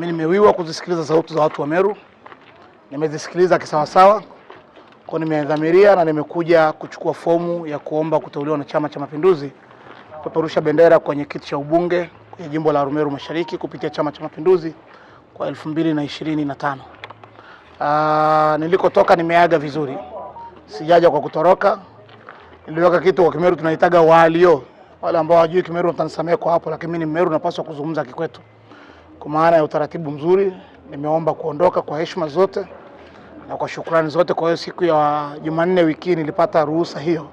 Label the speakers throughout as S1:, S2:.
S1: Nami nimewiwa kuzisikiliza sauti za watu wa Meru, nimezisikiliza kisawasawa, kwa nimedhamiria na nimekuja kuchukua fomu ya kuomba kuteuliwa na Chama cha Mapinduzi kupeperusha bendera kwenye kiti cha ubunge kwenye jimbo la Arumeru Mashariki kupitia Chama cha Mapinduzi kwa 2025. mbili ah, nilikotoka nimeaga vizuri, sijaja kwa kutoroka. Niliweka kitu kwa Kimeru tunaitaga walio, wale ambao hawajui Kimeru watanisamea kwa hapo, lakini mimi ni Mmeru napaswa kuzungumza kikwetu. Kwa maana ya utaratibu mzuri, nimeomba kuondoka kwa heshima zote na kwa shukrani zote. Kwa hiyo siku ya Jumanne wiki nilipata ruhusa hiyo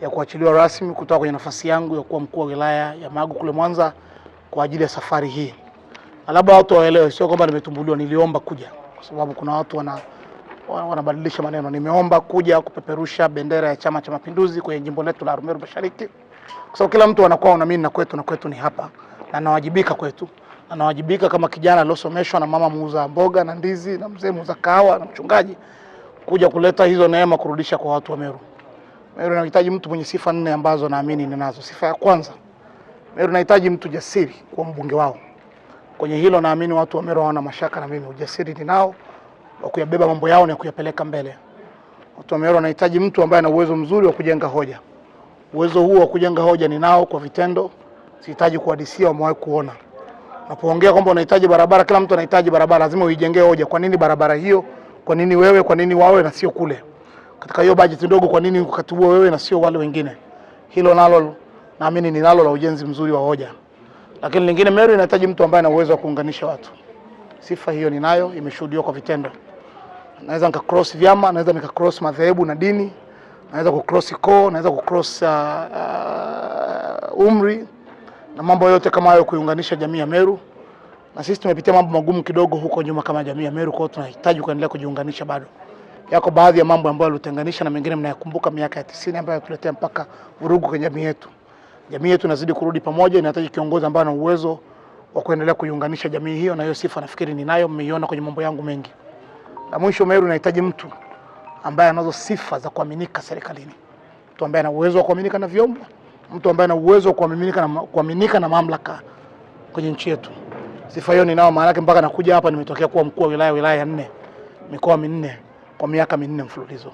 S1: ya kuachiliwa rasmi kutoka kwenye nafasi yangu ya kuwa mkuu wa wilaya ya Magu kule Mwanza kwa ajili ya safari hii. Labda watu waelewe, sio kwamba nimetumbuliwa, niliomba kuja kwa sababu kuna watu wana wanabadilisha maneno. Nimeomba kuja kupeperusha bendera ya Chama cha Mapinduzi kwenye jimbo letu la Arumeru Mashariki, kwa sababu kila mtu anakuwa na mimi na kwetu na kwetu ni hapa na nawajibika kwetu anawajibika kama kijana aliosomeshwa na mama muuza mboga na ndizi na mzee muuza kahawa na mchungaji kuja kuleta hizo neema kurudisha kwa watu wa Meru. Meru inahitaji mtu mwenye sifa nne ambazo naamini ninazo. Sifa ya kwanza, Meru inahitaji mtu jasiri kuwa mbunge wao. Kwenye hilo naamini watu wa Meru hawana mashaka na mimi, ujasiri ninao wa kuyabeba mambo yao na kuyapeleka mbele. Watu wa Meru wanahitaji mtu ambaye ana uwezo mzuri wa kujenga hoja. Uwezo huo wa kujenga hoja ninao kwa vitendo, sihitaji kuhadisia, wamewahi kuona. Unapoongea kwamba unahitaji barabara, kila mtu anahitaji barabara, lazima uijengee hoja. Kwa nini barabara hiyo? Kwa nini wewe? Kwa nini wawe na sio kule? Katika hiyo bajeti ndogo, kwa nini ukatubua wewe na sio wale wengine? Hilo nalo naamini ni nalo la ujenzi mzuri wa hoja. Lakini lingine, Meru inahitaji mtu ambaye ana uwezo wa kuunganisha watu. Sifa hiyo ninayo, imeshuhudiwa kwa vitendo. Naweza nika cross vyama, naweza nika cross madhehebu na dini, naweza ku cross koo, naweza ku cross uh, uh, umri na mambo yote kama hayo, kuiunganisha jamii ya Meru. Na sisi tumepitia mambo magumu kidogo huko nyuma kama jamii ya Meru, kwa hiyo tunahitaji kuendelea kujiunganisha. Bado yako baadhi ya mambo ambayo yalitenganisha na mengine mnayakumbuka miaka ya 90 ambayo yatuletea mpaka vurugu kwenye jamii yetu. Jamii yetu inazidi kurudi pamoja, inahitaji kiongozi ambaye ana uwezo wa kuendelea kuiunganisha jamii hiyo, na hiyo sifa nafikiri ninayo, mmeiona kwenye mambo yangu mengi. Na mwisho, Meru inahitaji mtu ambaye anazo sifa za kuaminika serikalini, mtu ambaye ana uwezo wa kuaminika na vyombo mtu ambaye ana uwezo wa kuaminika na, kuaminika na mamlaka kwenye nchi yetu. Sifa hiyo ninao, maana yake mpaka nakuja hapa nimetokea kuwa mkuu wa wilaya wilaya ya nne mikoa minne kwa miaka minne mfululizo.